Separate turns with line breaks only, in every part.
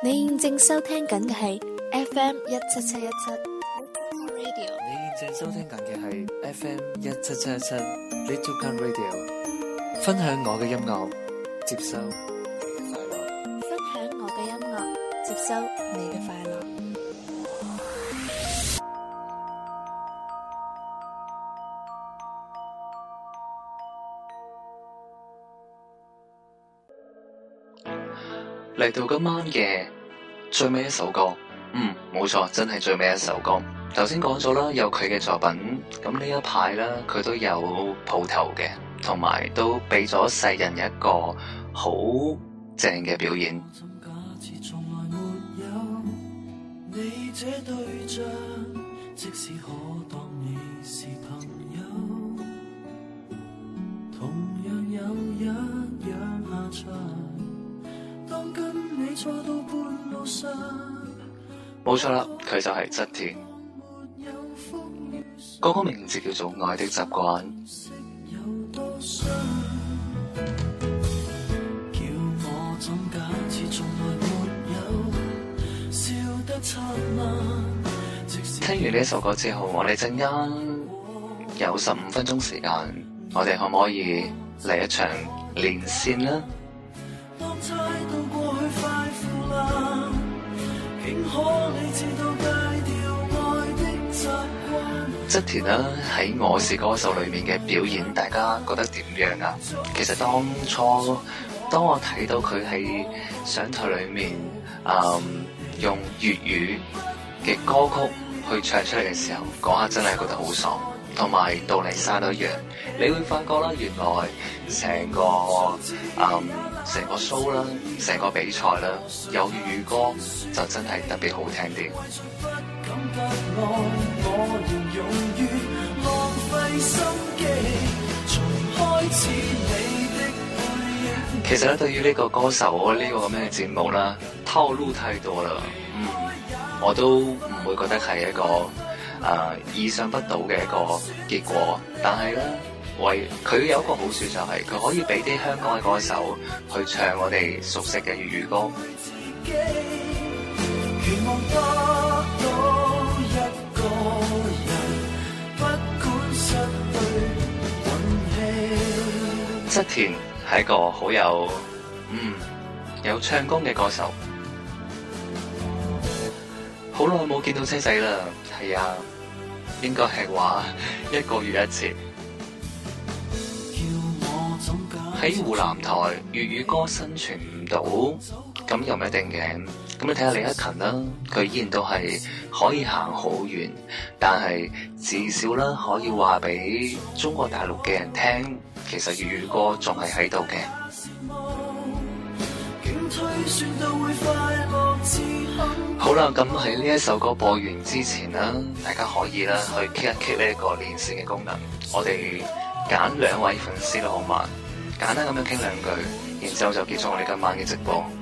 你現正收聽緊嘅係 FM 一
七七一七。你現正收聽緊嘅係 FM 一七七一七，Little Com Radio。分享我嘅音樂，接收快樂。分享我嘅音樂，接收。做今晚嘅最尾一首歌，嗯，冇錯，真係最尾一首歌。頭先講咗啦，有佢嘅作品，咁呢一排啦，佢都有鋪頭嘅，同埋都俾咗世人一個好正嘅表演。冇錯啦，佢就係側田。嗰個名字叫做《愛的習慣》。聽完呢首歌之後，我哋陣間有十五分鐘時間，我哋可唔可以嚟一場連線呢？織田啊，喺《我是歌手》裏面嘅表演，大家覺得點樣啊？其實當初當我睇到佢喺上台裏面，嗯，用粵語嘅歌曲去唱出嚟嘅時候，嗰刻真係覺得好爽，同埋杜麗莎都一樣，你會發覺啦、啊，原來成個嗯。成個 show 啦，成個比賽啦，有粵語歌就真係特別好聽啲。 其實咧，對於呢個歌手，我、呢、呢個咩節目啦，套路太多啦，嗯，我都唔會覺得係一個誒、呃、意想不到嘅一個結果，但係咧。喂，佢有一個好處就係、是、佢可以俾啲香港嘅歌手去唱我哋熟悉嘅粵語歌。側田係一個好有嗯有唱功嘅歌手。好耐冇見到車仔啦，係、哎、啊，應該係話一個月一次。喺湖南台粵語歌生存唔到，咁又唔一定嘅。咁你睇下李克勤啦，佢依然都係可以行好遠，但係至少啦可以話俾中國大陸嘅人聽，其實粵語歌仲係喺度嘅。
嗯、好啦，咁喺呢一首
歌播完之前啦，大家可以啦去傾一傾呢一個連線嘅功能，我哋揀兩位粉絲啦，好嗎？簡單咁樣傾兩句，然之後就結束我哋今晚嘅直播。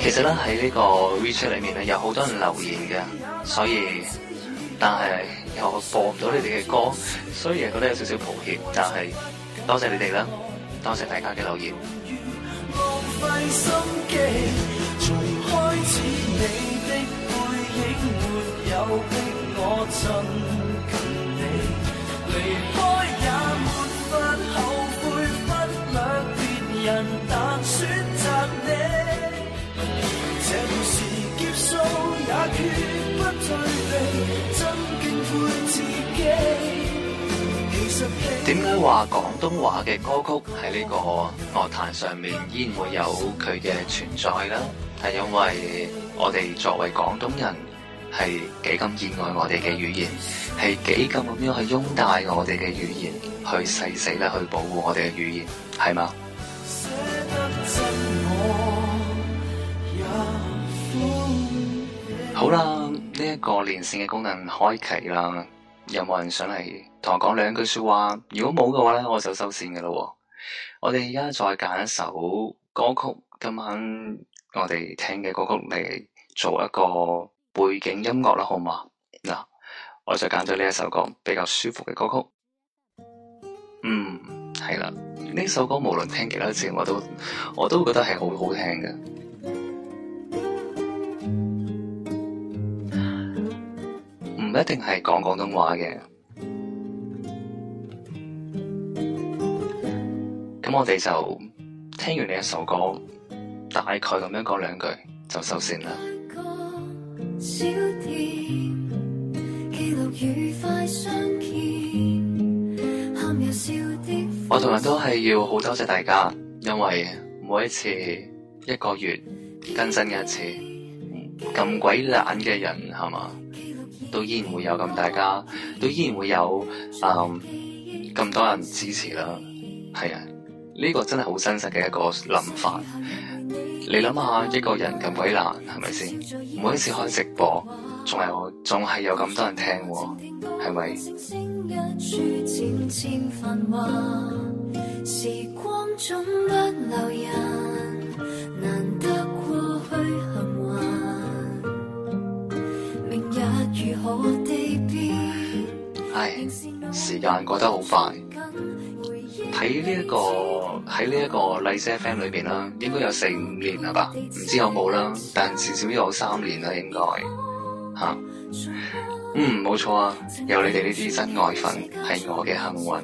其實呢，喺呢個 WeChat 裏面呢，有好多人留言嘅，所以但係又播唔到你哋嘅歌，所以覺得有少少抱歉，但係多謝你哋啦，多謝大家嘅留言。
從開始，你你你，的背影沒有逼我，曾跟你離開，也也沒法後悔別人。但選擇你，這事結束，也決不退避。真敬佩自己。其實，點解話
廣東話嘅歌曲喺呢個樂壇上面依然會有佢嘅存在呢？係因為我哋作為廣東人，係幾咁熱愛我哋嘅語言，係幾咁咁樣去擁戴我哋嘅語言，去誓死咧去保護我哋嘅語言，係嘛？ 好啦，呢、這、一個連線嘅功能開啟啦，有冇人想嚟同我講兩句說話？如果冇嘅話咧，我就收線嘅咯。我哋而家再揀一首歌曲，今晚。我哋聽嘅歌曲嚟做一個背景音樂啦，好嘛？嗱，我就揀咗呢一首歌比較舒服嘅歌曲。嗯，係啦，呢首歌無論聽幾多次，我都我都覺得係好好聽嘅。唔一定係講廣東話嘅。咁我哋就聽完呢一首歌，大概咁樣講兩句就收線啦。
我同樣都係要
好多謝大家，因為每一次一個月更新嘅一次咁鬼懶嘅人係嘛，都依然會有咁大家，都依然會有咁、呃、多人支持啦。係啊，呢個真係好真實嘅一個諗法。你諗下，一個人咁鬼難，係咪先？每一次開直播，仲有仲係有咁多人聽，係咪
時光總不留人，
難得過去循環，明日如何地變？唉，時間過得好快。喺呢一個喺呢一個麗聲 fan 裏邊啦，應該有四五年啦吧，唔知有冇啦，但至少，少有三年啦，應該吓，嗯，冇錯啊，有你哋呢啲真愛粉係我嘅幸運。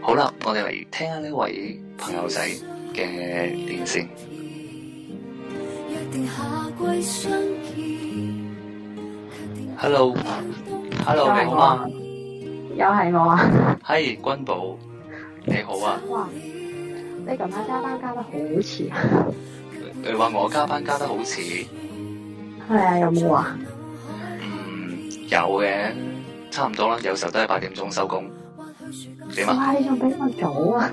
好啦，我哋嚟聽下呢位朋友仔嘅連線。hello，hello，你好啊，又係我啊，係君寶，你好啊，你
今晚加班加得好遲
啊？你話我加班加得好遲，
係啊，有冇啊？嗯，
有嘅，差唔多啦，有時候都係八點鐘收工，
點啊？你仲比較早啊，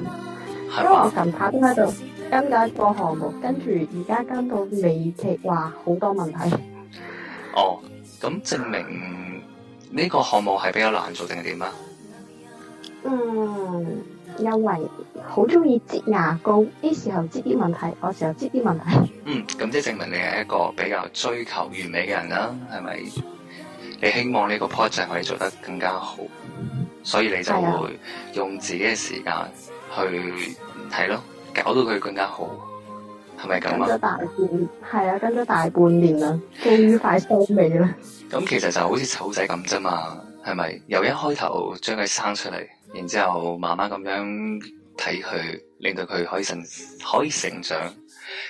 因為我近排都喺度跟緊一個項目，跟住而家跟到尾期，話好多問題。
哦。咁證明呢個項目係比較難做定係點啊？嗯，
因為好中意擠牙膏，呢時候擠啲問題，我時候擠啲問
題。嗯，咁即係證明你係一個比較追求完美嘅人啦，啊，係咪？你希望呢個 project 可以做得更加好，所以你就會用自己嘅時間去睇咯，搞到佢更加好。係咪咁啊？
跟咗大
半，係啊，跟咗大半年啦，終於快收尾啦。咁 其實就好似臭仔咁啫嘛，係咪？由一開頭將佢生出嚟，然之後慢慢咁樣睇佢，令到佢可以成可以成長。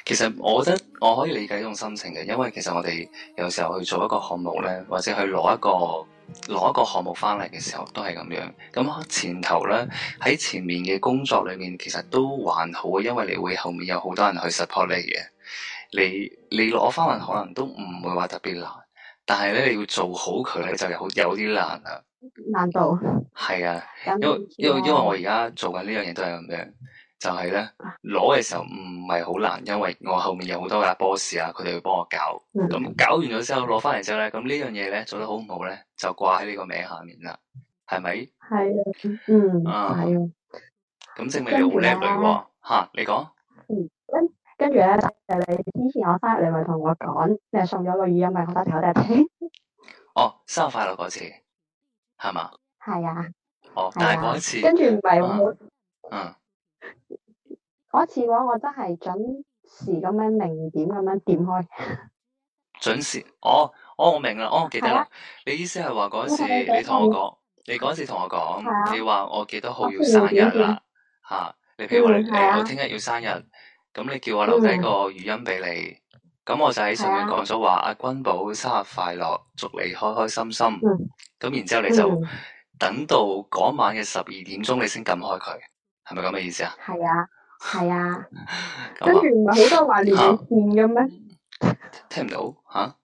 其實我覺得我可以理解呢種心情嘅，因為其實我哋有時候去做一個項目咧，或者去攞一個。攞一個項目翻嚟嘅時候都係咁樣，咁前頭呢，喺前面嘅工作裏面其實都還好，因為你會後面有好多人去 support 你嘅，你你攞翻嚟可能都唔會話特別難，但係咧你要做好佢咧就有有啲難啦，
難度
係啊，因為因為因為我而家做緊呢樣嘢都係咁樣。就係咧，攞嘅時候唔係好難，因為我後面有好多嘅 boss、mm. 啊，佢哋會幫我搞，咁搞完咗之後攞翻嚟之後咧，咁呢樣嘢咧做得好唔好咧，就掛喺呢個名下面啦，係咪？係啊、yes, yes. 嗯，嗯，係啊，咁證明你好靚女喎，吓你講。跟跟住咧，就你之前我生日你咪同
我講，你係送咗個語音咪我聽
我哋聽。哦，生日快樂嗰次係嘛？係啊、yes. 嗯。哦，但係嗰次
跟住唔係好。嗯。嗯嗰次我我真係準時咁樣零點咁樣點開，
準時。哦哦我明啦，哦我記得啦，你意思係話嗰時你同我講，你嗰時同我講，你話我幾多號要生日啦吓？你譬如話你我聽日要生日，咁你叫我留低個語音俾你，咁我就喺上面講咗話阿君寶生日快樂，祝你開開心心。咁然之後你就等到嗰晚嘅十二點鐘，你先撳開佢。係咪咁嘅意思
啊？係啊，係啊， 跟住唔係好多人話連你線嘅咩？
聽唔到吓？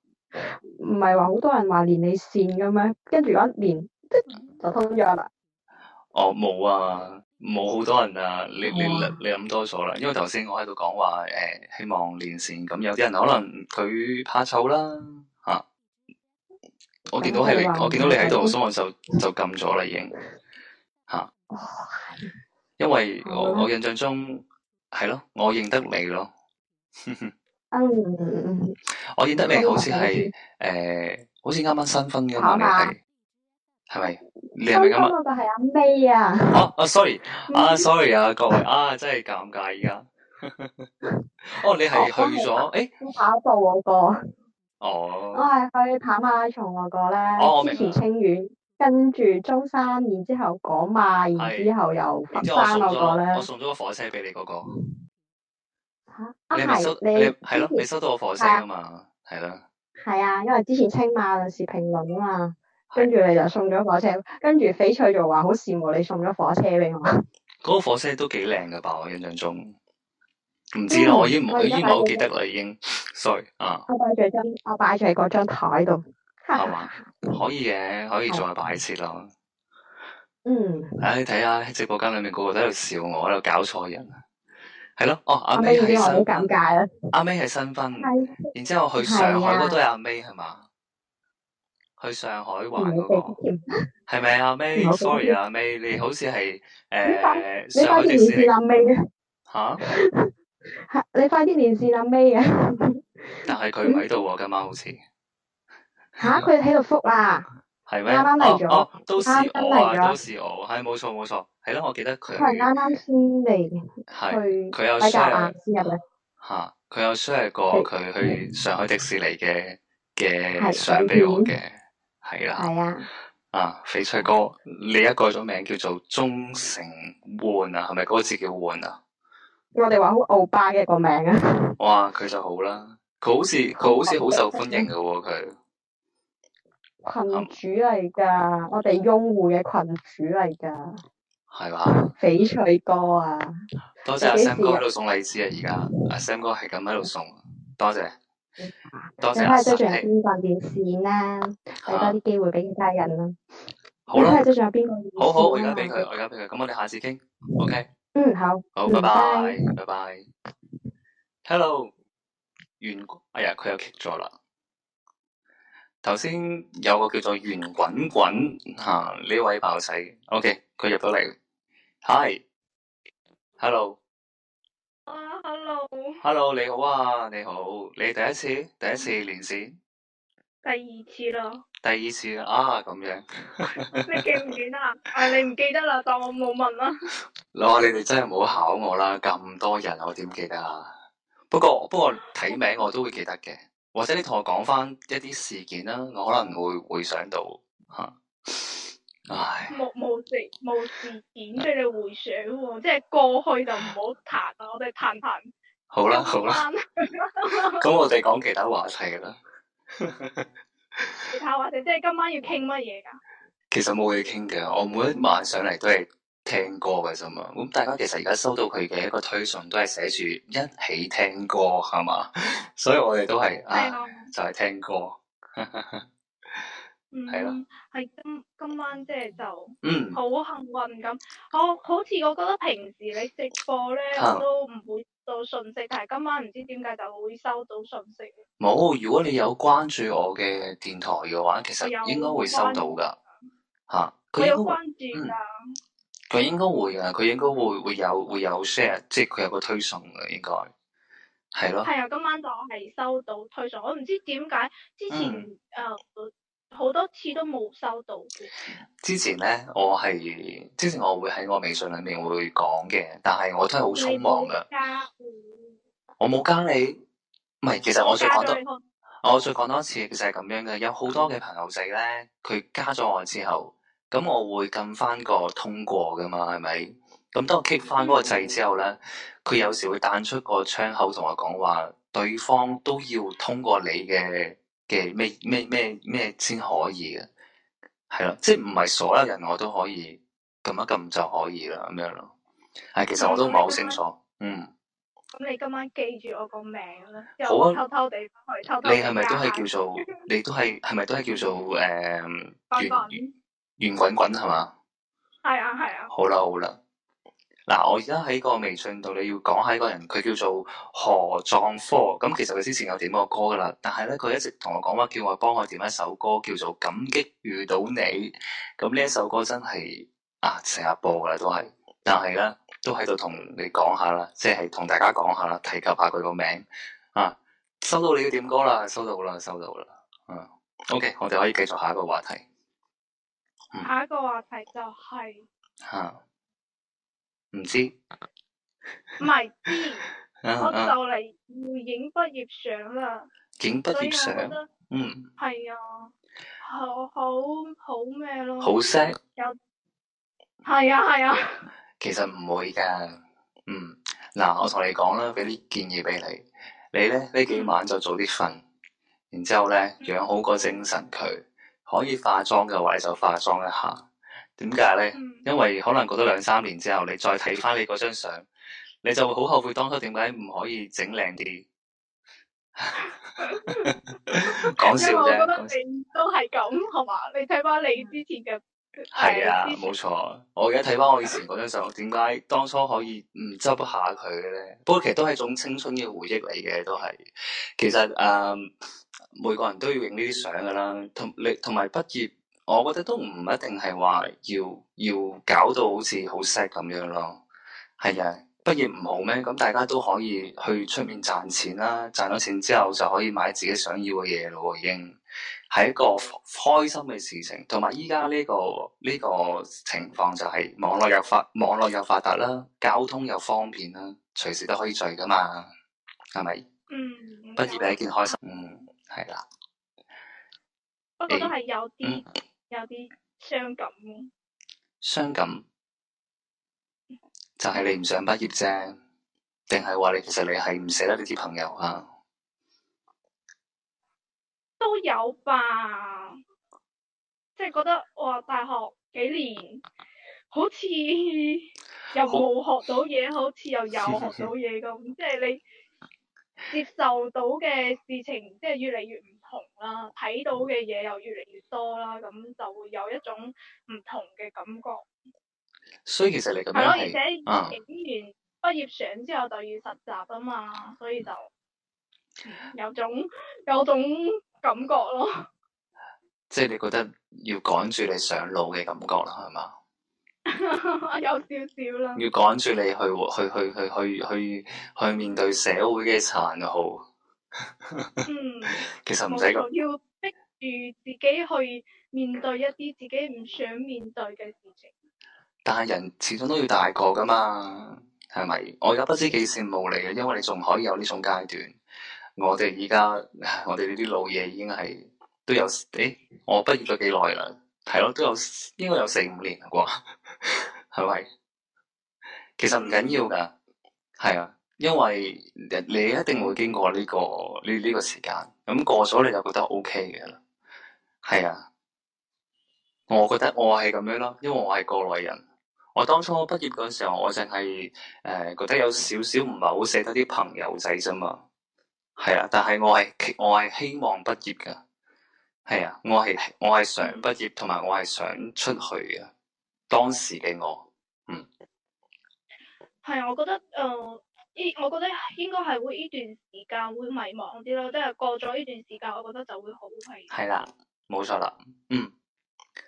唔係話好多人話連你線嘅咩？跟住一連，即就通咗啦。
哦，冇啊，冇好多人啊，你 你你諗多咗啦。因為頭先我喺度講話誒，希望連線，咁有啲人可能佢怕醜啦吓、啊。我見到係你， 我見到你喺度，所以我就就撳咗啦，已經吓。 因為我我印象中係咯，我認得你咯。 我認得你好似係誒，好似啱啱新婚咁你係，係、呃、咪？你係咪啱啱？我就係阿
May 啊！ 啊、
oh，sorry，啊、ah，sorry，啊！各位啊，ah, 真係尷尬而家。 哦，你係去咗？誒，
哎、跑步嗰、那個。
哦。我
係去跑馬拉松嗰個咧，哦，我之前清遠。跟住中山，然之後講嘛，然之後又佛山嗰個咧。我送
咗個火車俾你嗰個。吓？你係你係咯？你收到個火車啊嘛？
係啦。係啊，因為之前清碼是評論啊嘛，跟住你就送咗火車，跟住翡翠就話好羨慕你送咗火車俾我。嗰
個火車都幾靚噶吧？我印象中，唔知啦，我已經唔已經唔記得啦，已經。sorry
啊。我擺住張我擺住喺嗰張台度。
係嘛？可以嘅，可以做下擺設咯。嗯。唉，睇下喺直播間裏面個個都喺度笑我，喺度搞錯人。係咯，哦，阿 May 你好尷尬啊。阿 May 係新婚，然之後去上海嗰堆阿 May 係嘛？去上海玩嗰個係咪阿 May？Sorry，阿 May，你好似係誒上海啲線。嚇！吓？你
快啲連線阿 May
啊！但係佢唔喺度喎，今晚好似。
吓，
佢喺度覆啊！係咩？啱啱嚟咗哦，當時我啊，當時我係冇錯冇錯，係咯，我記得佢
啱啱先嚟，
嘅，去。佢有 share 吓，佢有 share 過佢去上海迪士尼嘅嘅相俾我嘅，係啦。係啊！啊，翡翠哥，你一改咗名叫做鍾成煥啊？係咪嗰個字叫煥啊？
我哋話好歐巴嘅
個名啊！哇，佢就好啦，佢好似佢好似好受歡迎噶喎，佢。
群主嚟噶，我哋擁護嘅群主嚟噶，係嘛？翡翠哥啊，
多謝阿 Sam 哥喺度送荔枝啊！而家阿 Sam 哥係咁喺度送，多謝，多謝。睇下追住
邊辦件事啦，俾多啲機會俾其他人啦。好啦，追住有邊個？好好，我而家俾佢，
我而家俾佢。咁我哋下次傾，OK？
嗯，好，好，拜拜，
拜拜。Hello，員，哎呀，佢又 kick 咗啦。頭先有個叫做圓滾滾吓呢、啊、位炮仔，OK，佢入到嚟，Hi，Hello，啊、uh,，Hello，Hello，你好啊，你好，你第一次，第一次連線，
第二次啦，
第二次啊，咁樣， 你記唔記得啊？你
唔記得啦，當我冇問啦 。
我話你哋真係咪考我啦，咁多人我點記得啊？不過不過睇名我都會記得嘅。或者你同我講翻一啲事件啦，我可能會回想到。
吓、啊。唉，冇無，無事無事件，畀你回 想喎、哦，即係過去就唔好談啦，我哋談談。
好啦好啦，
咁 我哋講其他話
題噶啦。
其他話題即係今晚要傾乜嘢噶？
其實冇嘢傾嘅，我每一晚上嚟都係聽歌嘅啫嘛，咁大家其實而家收到佢嘅一個推送都係寫住一起聽歌，係嘛， 所以我哋都係的、啊、就係、是、聽歌。係 啦的，係、嗯、
今今晚即係就，嗯，好幸運咁。我好似我覺得平時你直播咧，嗯、我都唔會到訊息，但係今晚唔知點解就會收到訊息。
冇、嗯，如果你有關注我嘅電台嘅話，其實應該會收到噶。吓、嗯，佢有關注噶。嗯佢應該會噶，佢應該會會有會有 share，即係佢有個推送嘅，應該係咯。係啊，
今晚就我係收到推送，我唔知
點解之前誒好多次都冇收到嘅。之前咧，我係之前我會喺我微信裏面會講嘅，但係我都係好匆忙㗎。我冇加你，唔係，其實我想講多，我再講多一次，其實就係咁樣嘅。有好多嘅朋友仔咧，佢加咗我之後。咁我會撳翻個通過噶嘛，係咪？咁當我揭翻嗰個掣之後咧，佢、嗯、有時會彈出個窗口，同我講話，對方都要通過你嘅嘅咩咩咩咩先可以嘅。係啦，即係唔係所有人我都可以撳一撳就可以啦，咁樣咯。係，其實我都唔係好清楚。嗯。咁你今，今晚
記住我個名啦，又偷偷地去偷，偷地、啊、你係咪都係叫做？
你都係係咪都係叫做誒？呃完圓滾滾係嘛？
係啊，係啊。
好啦，好啦。嗱、啊，我而家喺個微信度，你要講下一個人，佢叫做何壯科。咁、嗯嗯、其實佢之前有點過歌噶啦，但係咧佢一直同我講話，叫我幫佢點一首歌，叫做《感激遇到你》。咁、嗯、呢一首歌真係啊成日播噶啦，都係。但係咧都喺度同你講下啦，即係同大家講下啦，提及下佢個名啊。收到你要點歌啦，收到啦，收到啦。嗯、啊、OK，我哋可以繼續下一個話題。下一個話題就係、是、吓，唔、啊、知唔係 知， 啊
啊我就嚟影畢業
相啦，影畢業相，嗯，係啊，
好好好咩咯，好識，有，係啊係啊，
其實唔會噶，嗯，嗱，我同你講啦，俾啲建議俾你，你咧呢幾晚就早啲瞓，嗯、然之後咧養好個精神佢。 可以化妝嘅話你就化妝一下，點解咧？因為可能過咗兩三年之後，你再睇翻你嗰張相，你就會好後悔當初點解唔可以整靚啲。講笑啫，笑我覺得你都係
咁，係嘛？你睇翻你之前嘅係 啊，冇
錯。我而家睇翻我以前嗰張相，點解 當初可以唔執下佢嘅咧？不過其實都係一種青春嘅回憶嚟嘅，都係。其實誒。嗯每個人都要影呢啲相噶啦，同你同埋畢業，我覺得都唔一定係話要要搞到好似好 sad 咁樣咯。係啊，畢業唔好咩？咁大家都可以去出面賺錢啦，賺咗錢之後就可以買自己想要嘅嘢咯，已經係一個開心嘅事情。同埋依家呢個呢個情況就係網絡又發，網絡又發達啦，交通又方便啦，隨時都可以聚噶嘛，係咪、嗯？嗯，
畢業係一件
開心。嗯係啦，不過都係
有啲、嗯、有啲傷感嘅，
傷感就係、是、你唔想畢業啫，定係話你其實你係唔捨得呢啲朋友啊？
都有吧，即、就、係、是、覺得哇，大學幾年好似又冇學到嘢，好似又有學到嘢咁， 即係你。接受到嘅事情即係越嚟越唔同啦，睇到嘅嘢又越嚟越多啦，咁就會有一種唔同嘅感覺，
所以其實你咁樣係，啊！而且影
完畢業相之後就要實習啊嘛，啊所以就有種有種感覺咯。
即係你覺得要趕住你上路嘅感覺啦，係嘛？
有少少啦，要
趕住你去去去去去去，去面對社會嘅殘酷。
其實唔使講，說要逼住自己去面對一啲自己唔想面對嘅事情。
但係人始終都要大個噶嘛，係咪？我而家不知幾羨慕你嘅，因為你仲可以有呢種階段。我哋而家我哋呢啲老嘢已經係都有誒，我畢業咗幾耐啦？係咯，都有應該有四五年啦啩，係 咪？其實唔緊要噶，係啊，因為你一定會經過呢個呢呢個時間，咁過咗你就覺得 O K 嘅啦。係啊，我覺得我係咁樣咯，因為我係過來人，我當初畢業嗰時候，我淨係誒覺得有少少唔係好捨得啲朋友仔咋嘛，係啊，但係我係我係希望畢業噶。係啊，我係我係想畢業，同埋，嗯，我係想出去嘅。當時嘅我，嗯，係啊，我
覺得，誒，依，我覺得應該係會呢段時間會迷茫啲咯。即係過咗呢段時間，我覺得就會好係。係
啦，啊，冇錯啦，嗯。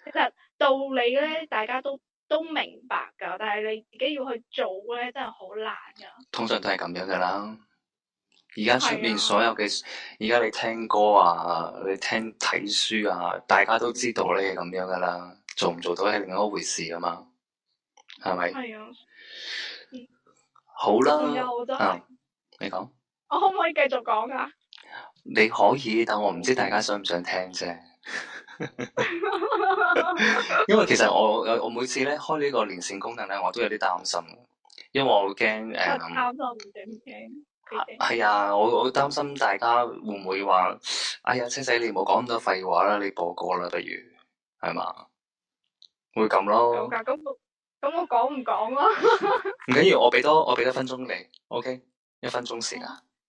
其實道理咧，大家都都明白噶，但係你自己要去做咧，真係好難噶。
通常都係咁樣噶啦。而家出面所有嘅，而家的你聽歌啊，你聽睇書啊，大家都知道咧係咁樣噶啦，做唔做到係另一回事啊嘛，係咪的？係啊，嗯、好啦了，啊，你講，
我可唔可以繼續講噶？
你可以，但我唔知大家想唔想聽啫。 因為其實我我每次咧開呢個連線功能咧，我都有啲擔心，因為我好驚誒，擔心唔想聽。嗯 係啊，哎、我我擔心大家會唔會話，哎呀，青仔你唔好講咁多廢話啦，你播歌啦不如，係嘛？會咁咯。有噶
咁我咁我講唔講咯？
唔緊要，我俾多我俾一分鐘你，OK？一分鐘時間。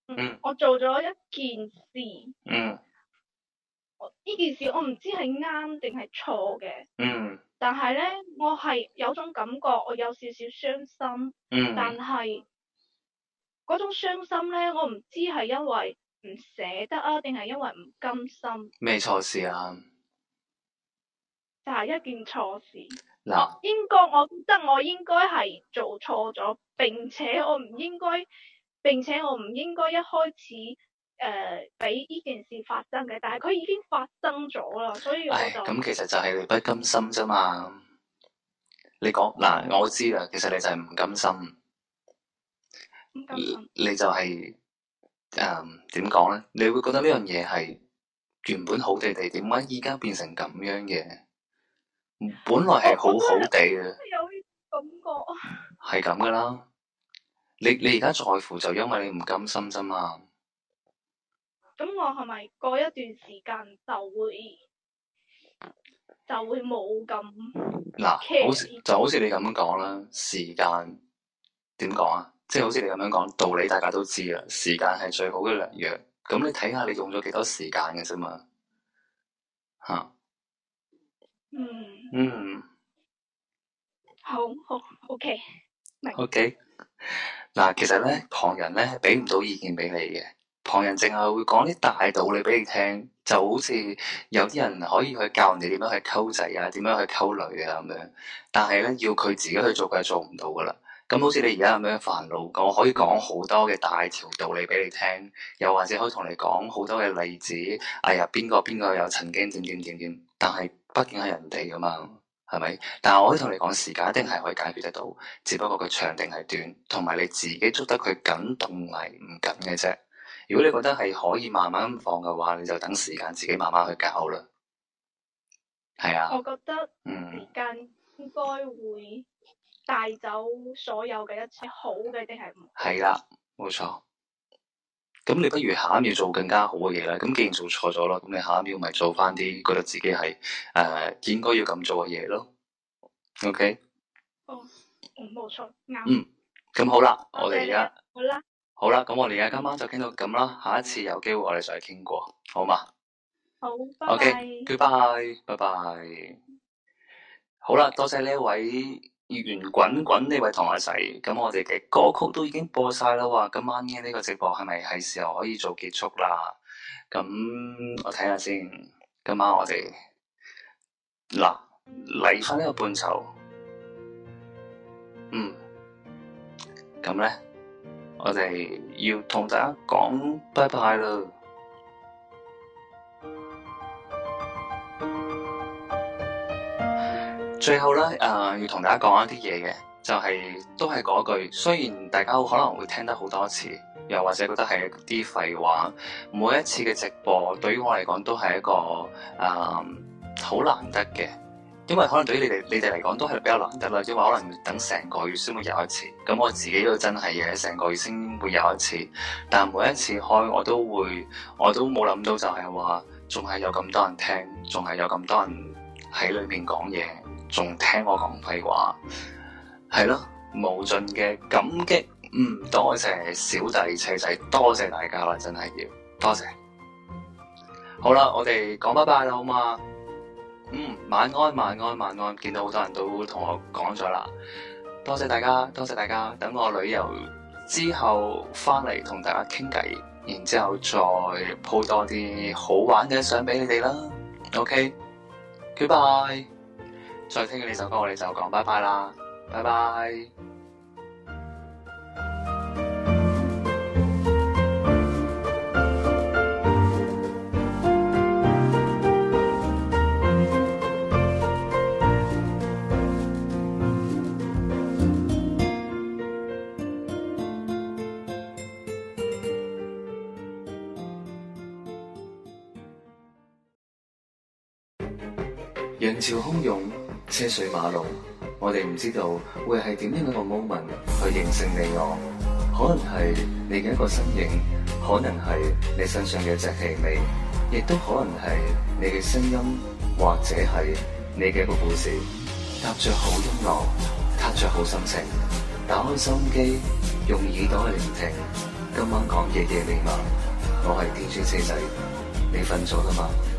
嗯。我做咗一件事。嗯。我呢件事我唔知係啱定係錯嘅。嗯。但係咧，我係有種感覺，我有少少傷心。嗯。但係。嗰種傷心咧，我唔知係因為唔捨得啊，定係因為唔甘心。
咩錯事啊？
就係一件錯事。嗱，應該我，我覺得我應該係做錯咗，並且我唔應該，並且我唔應該一開始誒俾呢件事發生嘅。但係佢已經發生咗啦，所以咁其實
就係你不甘心咋嘛？你講嗱，我知啦，其實你就係唔甘心。你，你就係誒點講咧？你會覺得呢樣嘢，係原本好地地，點解而家變成咁樣嘅？本來係好好地嘅，有感覺係咁噶啦。你你而家在，在乎就因為你唔甘心啫嘛。
咁我係咪過一段時間就會就會冇咁
嗱？好似就好似你咁樣講啦。時間點講啊？即係好似你咁樣講，道理大家都知啦。時間係最好嘅良藥，咁你睇下你用咗幾多時間嘅啫嘛。嚇、啊，嗯，嗯，好
好，OK，明。OK，
嗱，okay? 其實咧，旁人咧係俾唔到意見俾你嘅。旁人淨係會講啲大道理俾你聽，就好似有啲人可以去教人哋點樣去溝仔啊，點樣去溝女啊咁樣。但係咧，要佢自己去做，佢係，做唔到噶啦。咁好似你而家咁樣煩惱過，我可以講好多嘅大條道理俾你聽，又或者可以同你講好多嘅例子。哎呀，邊個邊個有曾經點點點點，但係畢竟係人哋噶嘛，係咪？但係我可以同你講，時間一定係可以解決得到，只不過佢長定係短，同埋你自己捉得佢緊定係唔緊嘅啫。如果你覺得係可以慢慢放嘅話，你就等時間自己慢慢去搞啦。係啊，我覺得時間
應該會。帶走所
有嘅一切好嘅，定係唔係啦？冇錯。咁你不如下一秒做更加好嘅嘢啦。咁既然做錯咗啦，咁你下一秒咪做翻啲覺得自己係誒、呃、應該要咁做嘅嘢咯。O K。哦，
冇錯。嗯。
咁好，好啦，我哋而家好啦。好啦，咁我哋而家今晚就傾到咁啦。下一次有機會我哋再傾過，好嘛？
好。O K。拜拜。Okay,
拜拜。拜拜。
好啦，多謝呢一位。
圓滾滾呢位同學仔，咁我哋嘅歌曲都已經播晒啦，話今晚嘅呢個直播係咪係時候可以做結束啦？咁我睇下先，今晚我哋嗱嚟翻呢個伴奏，嗯，咁咧我哋要同大家講拜拜啦。最後咧，誒，要同大家講一啲嘢嘅，就係都係嗰句，雖然大家可能會聽得好多次，又或者覺得係啲廢話，每一次嘅直播對於我嚟講都係一個誒好難得嘅，因為可能對於你哋你哋嚟講都係比較難得啦，即係話可能等成個月先會有一次，咁我自己都真係嘅，成個月先會有一次，但每一次開我都會，我都冇諗到就係話仲係有咁多人聽，仲係有咁多人喺裏面講嘢。仲聽我講廢話，係咯，無盡嘅感激，唔、嗯、多謝小弟、仔仔，多謝大家啦，真係要多謝。好啦，我哋講拜拜啦，好嘛？嗯，晚安，晚安，晚安。見到好多人都同我講咗啦，多謝大家，多謝大家。等我旅遊之後翻嚟同大家傾偈，然之後再鋪多啲好玩嘅相俾你哋啦。OK，Goodbye、OK? 再聽完呢首歌，我哋就講拜拜啦，拜拜。人潮洶湧。車水馬龍，我哋唔知道會係點樣一個 moment 去認識你我，可能係你嘅一個身影，可能係你身上嘅一陣氣味，亦都可能係你嘅聲音，或者係你嘅一個故事。搭着好音樂，踏着好心情，打開心機，用耳朵去聆聽。今晚講夜夜密碼，我係 dj 車仔，你瞓咗啦嘛？